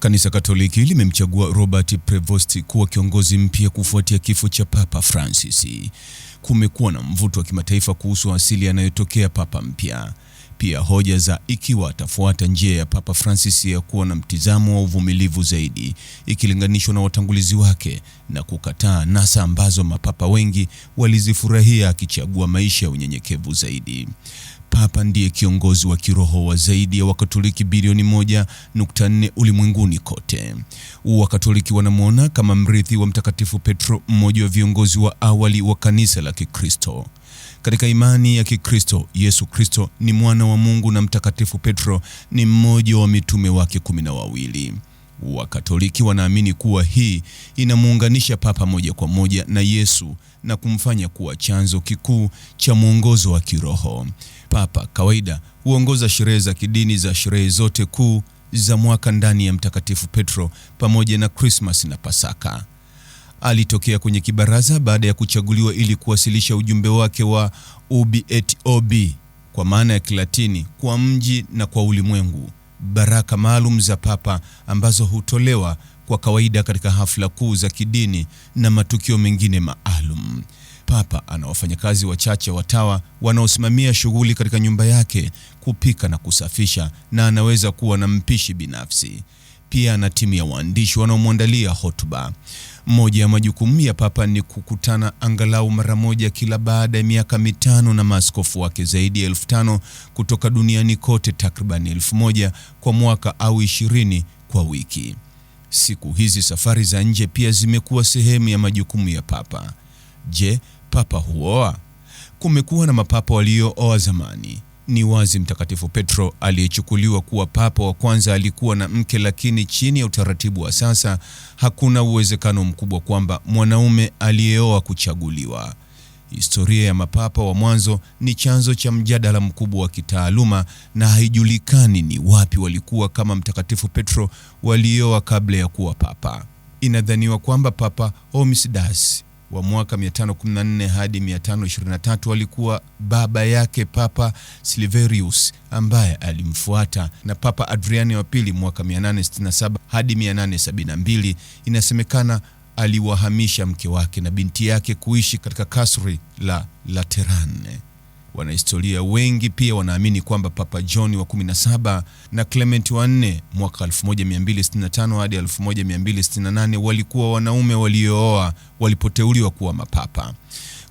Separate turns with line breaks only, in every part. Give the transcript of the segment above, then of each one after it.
Kanisa Katoliki limemchagua Robert Prevost kuwa kiongozi mpya kufuatia kifo cha Papa Francis. Kumekuwa na mvuto wa kimataifa kuhusu asili anayotokea Papa mpya. Pia hoja za ikiwa atafuata njia ya Papa Francis ya kuwa na mtizamo wa uvumilivu zaidi ikilinganishwa na watangulizi wake na kukataa nasa ambazo mapapa wengi walizifurahia akichagua maisha ya unyenyekevu zaidi. Papa ndiye kiongozi wa kiroho wa zaidi ya Wakatoliki bilioni 1.4 ulimwenguni kote. Wakatoliki wanamwona kama mrithi wa Mtakatifu Petro, mmoja wa viongozi wa awali wa kanisa la Kikristo. Katika imani ya Kikristo, Yesu Kristo ni mwana wa Mungu na Mtakatifu Petro ni mmoja wa mitume wake kumi na wawili. Wakatoliki wanaamini kuwa hii inamuunganisha Papa moja kwa moja na Yesu na kumfanya kuwa chanzo kikuu cha mwongozo wa kiroho. Papa kawaida huongoza sherehe za kidini za sherehe zote kuu za mwaka ndani ya Mtakatifu Petro pamoja na Krismas na Pasaka. Alitokea kwenye kibaraza baada ya kuchaguliwa ili kuwasilisha ujumbe wake wa Ubi et Obi, kwa maana ya Kilatini, kwa mji na kwa ulimwengu, baraka maalum za Papa ambazo hutolewa kwa kawaida katika hafla kuu za kidini na matukio mengine maalum. Papa ana wafanyakazi wachache watawa wanaosimamia shughuli katika nyumba yake, kupika na kusafisha, na anaweza kuwa na mpishi binafsi pia na timu ya waandishi wanaomwandalia hotuba. Moja ya majukumu ya Papa ni kukutana angalau mara moja kila baada ya miaka mitano na maaskofu wake zaidi ya elfu tano kutoka duniani kote, takriban elfu moja kwa mwaka au ishirini kwa wiki. Siku hizi safari za nje pia zimekuwa sehemu ya majukumu ya Papa. Je, Papa huoa? Kumekuwa na mapapa waliooa zamani ni wazi Mtakatifu Petro aliyechukuliwa kuwa papa wa kwanza alikuwa na mke, lakini chini ya utaratibu wa sasa hakuna uwezekano mkubwa kwamba mwanaume aliyeoa kuchaguliwa. Historia ya mapapa wa mwanzo ni chanzo cha mjadala mkubwa wa kitaaluma na haijulikani ni wapi walikuwa kama Mtakatifu Petro walioa kabla ya kuwa papa. Inadhaniwa kwamba Papa Homisidas wa mwaka 514 hadi 523 alikuwa baba yake Papa Silverius ambaye alimfuata na Papa Adriani wa pili mwaka 867 hadi 872. Inasemekana aliwahamisha mke wake na binti yake kuishi katika kasri la Lateran. Wanahistoria wengi pia wanaamini kwamba Papa John wa 17 na Clement wa 4 mwaka 1265 hadi 1268 walikuwa wanaume waliooa walipoteuliwa kuwa mapapa.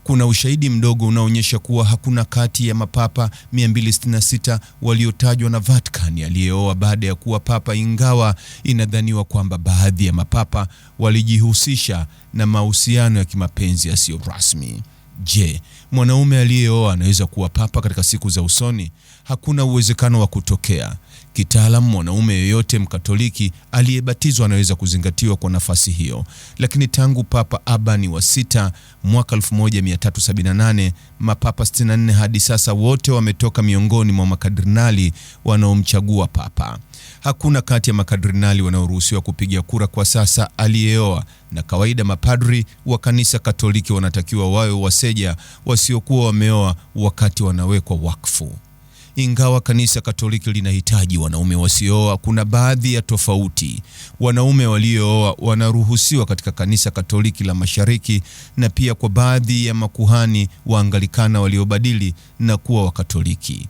Kuna ushahidi mdogo unaoonyesha kuwa hakuna kati ya mapapa 266 waliotajwa na Vatican aliyeoa baada ya kuwa papa, ingawa inadhaniwa kwamba baadhi ya mapapa walijihusisha na mahusiano ya kimapenzi yasiyo rasmi. Je, mwanaume aliyeoa anaweza kuwa papa katika siku za usoni? Hakuna uwezekano wa kutokea. Kitaalamu, mwanaume yeyote Mkatoliki aliyebatizwa anaweza kuzingatiwa kwa nafasi hiyo, lakini tangu Papa Abani wa sita mwaka 1378 mapapa 64 hadi sasa wote wametoka miongoni mwa makadrinali wanaomchagua papa. Hakuna kati ya makadrinali wanaoruhusiwa kupiga kura kwa sasa aliyeoa, na kawaida mapadri wa kanisa Katoliki wanatakiwa wawe waseja wasiokuwa wameoa wakati wanawekwa wakfu. Ingawa kanisa Katoliki linahitaji wanaume wasiooa, kuna baadhi ya tofauti. Wanaume waliooa wanaruhusiwa katika kanisa Katoliki la Mashariki na pia kwa baadhi ya makuhani waangalikana waliobadili na kuwa Wakatoliki.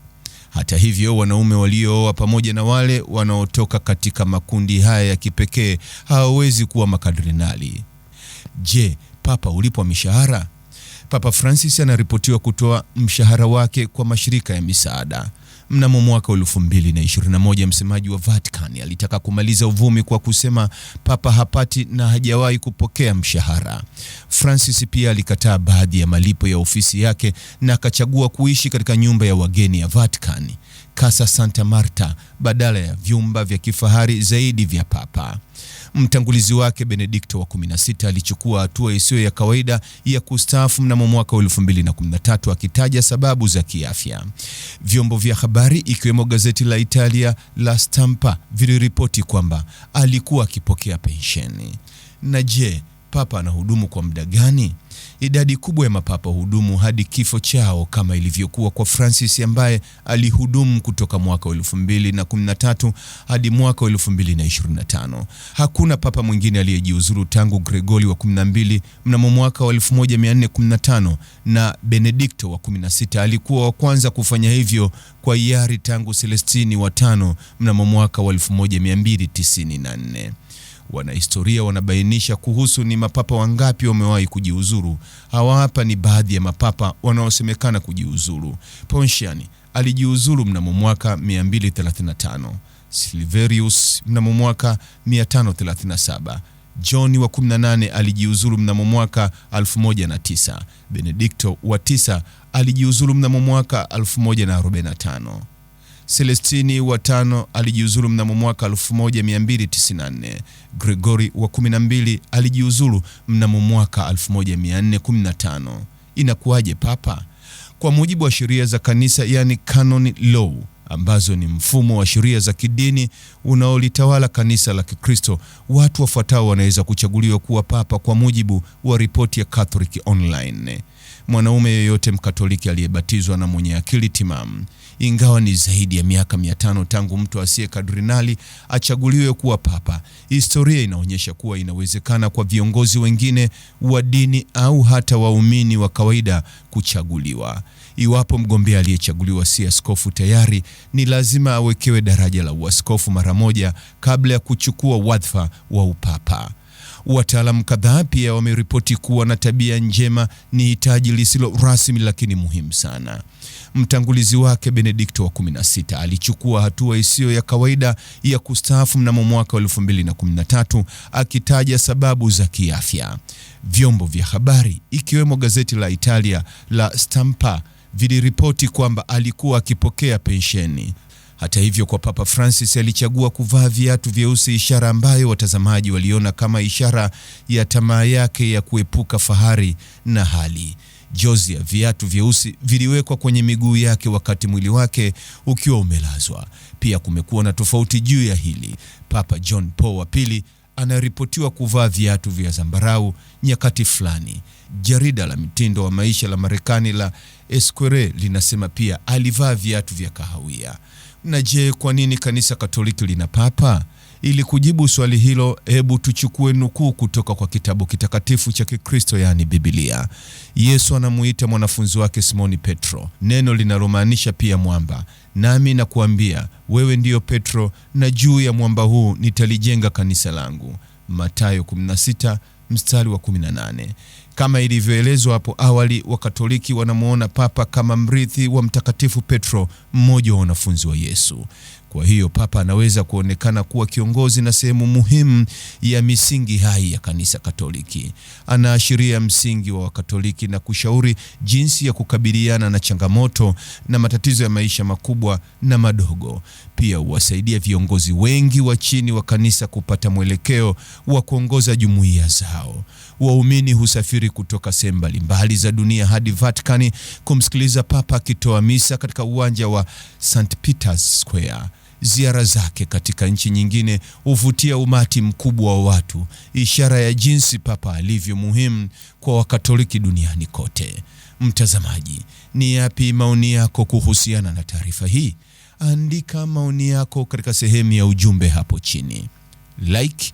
Hata hivyo, wanaume waliooa pamoja na wale wanaotoka katika makundi haya ya kipekee hawawezi kuwa makadrinali Je, papa ulipwa mishahara? Papa Francis anaripotiwa kutoa mshahara wake kwa mashirika ya misaada. Mnamo mwaka 2021 msemaji wa Vatican alitaka kumaliza uvumi kwa kusema Papa hapati na hajawahi kupokea mshahara. Francis pia alikataa baadhi ya malipo ya ofisi yake na akachagua kuishi katika nyumba ya wageni ya Vatican. Casa Santa Marta badala ya vyumba vya kifahari zaidi vya Papa. Mtangulizi wake Benedikto wa 16 alichukua hatua isiyo ya kawaida ya kustaafu mnamo mwaka 2013 akitaja sababu za kiafya. Vyombo vya habari ikiwemo gazeti la Italia la Stampa viliripoti kwamba alikuwa akipokea pensheni. Na je, Papa anahudumu kwa muda gani? idadi kubwa ya mapapa hudumu hadi kifo chao, kama ilivyokuwa kwa Francis ambaye alihudumu kutoka mwaka 2013 hadi mwaka 2025. Hakuna papa mwingine aliyejiuzuru tangu Gregori wa 12 mnamo mwaka wa 1415 na Benedikto wa 16 alikuwa wa kwanza kufanya hivyo kwa hiari tangu Selestini wa tano mnamo mwaka wa 1294. Wanahistoria wanabainisha kuhusu ni mapapa wangapi wamewahi kujiuzuru. Hawa hapa ni baadhi ya mapapa wanaosemekana kujiuzuru. Pontian alijiuzuru mnamo mwaka 235, Silverius mnamo mwaka 537, John wa 18 alijiuzuru mnamo mwaka 1009, Benedikto wa 9 alijiuzuru mnamo mwaka 1045. Celestini wa tano alijiuzulu mnamo mwaka 1294. Gregory wa 12 alijiuzulu mnamo mwaka 1415. Inakuwaje papa? Kwa mujibu wa sheria za kanisa, yani canon law, ambazo ni mfumo wa sheria za kidini unaolitawala kanisa la Kikristo, watu wafuatao wanaweza kuchaguliwa kuwa papa kwa mujibu wa ripoti ya Catholic Online: mwanaume yeyote Mkatoliki aliyebatizwa na mwenye akili timamu ingawa ni zaidi ya miaka mia tano tangu mtu asiye kardinali achaguliwe kuwa papa. Historia inaonyesha kuwa inawezekana kwa viongozi wengine wa dini au hata waumini wa kawaida kuchaguliwa. Iwapo mgombea aliyechaguliwa si askofu tayari, ni lazima awekewe daraja la uaskofu mara moja kabla ya kuchukua wadhifa wa upapa. Wataalamu kadhaa pia wameripoti kuwa na tabia njema ni hitaji lisilo rasmi lakini muhimu sana. Mtangulizi wake Benedikto wa 16 alichukua hatua isiyo ya kawaida ya kustaafu mnamo mwaka wa 2013 akitaja sababu za kiafya. Vyombo vya habari ikiwemo gazeti la Italia la Stampa viliripoti kwamba alikuwa akipokea pensheni hata hivyo, kwa Papa Francis alichagua kuvaa viatu vyeusi, ishara ambayo watazamaji waliona kama ishara ya tamaa yake ya kuepuka fahari na hali. Jozi ya viatu vyeusi viliwekwa kwenye miguu yake wakati mwili wake ukiwa umelazwa. Pia kumekuwa na tofauti juu ya hili. Papa John Paul wa pili anaripotiwa kuvaa viatu vya zambarau nyakati fulani. Jarida la mitindo wa maisha la Marekani la Esquire linasema pia alivaa viatu vya kahawia. Na je, kwa nini kanisa Katoliki lina papa? Ili kujibu swali hilo, hebu tuchukue nukuu kutoka kwa kitabu kitakatifu cha Kikristo, yaani Biblia. Yesu anamuita mwanafunzi wake Simoni Petro, neno linalomaanisha pia mwamba. Nami nakuambia wewe ndiyo Petro, na juu ya mwamba huu nitalijenga kanisa langu. Mathayo 16 mstari wa 18. Kama ilivyoelezwa hapo awali, Wakatoliki wanamwona Papa kama mrithi wa Mtakatifu Petro, mmoja wa wanafunzi wa Yesu. Kwa hiyo Papa anaweza kuonekana kuwa kiongozi na sehemu muhimu ya misingi hai ya Kanisa Katoliki. Anaashiria msingi wa Wakatoliki na kushauri jinsi ya kukabiliana na changamoto na matatizo ya maisha makubwa na madogo. Pia huwasaidia viongozi wengi wa chini wa kanisa kupata mwelekeo wa kuongoza jumuiya zao. Waumini husafiri wasafiri kutoka sehemu mbalimbali za dunia hadi Vatican kumsikiliza Papa akitoa misa katika uwanja wa St Peter's Square. Ziara zake katika nchi nyingine huvutia umati mkubwa wa watu, ishara ya jinsi Papa alivyo muhimu kwa Wakatoliki duniani kote. Mtazamaji, ni yapi maoni yako kuhusiana na taarifa hii? Andika maoni yako katika sehemu ya ujumbe hapo chini. Like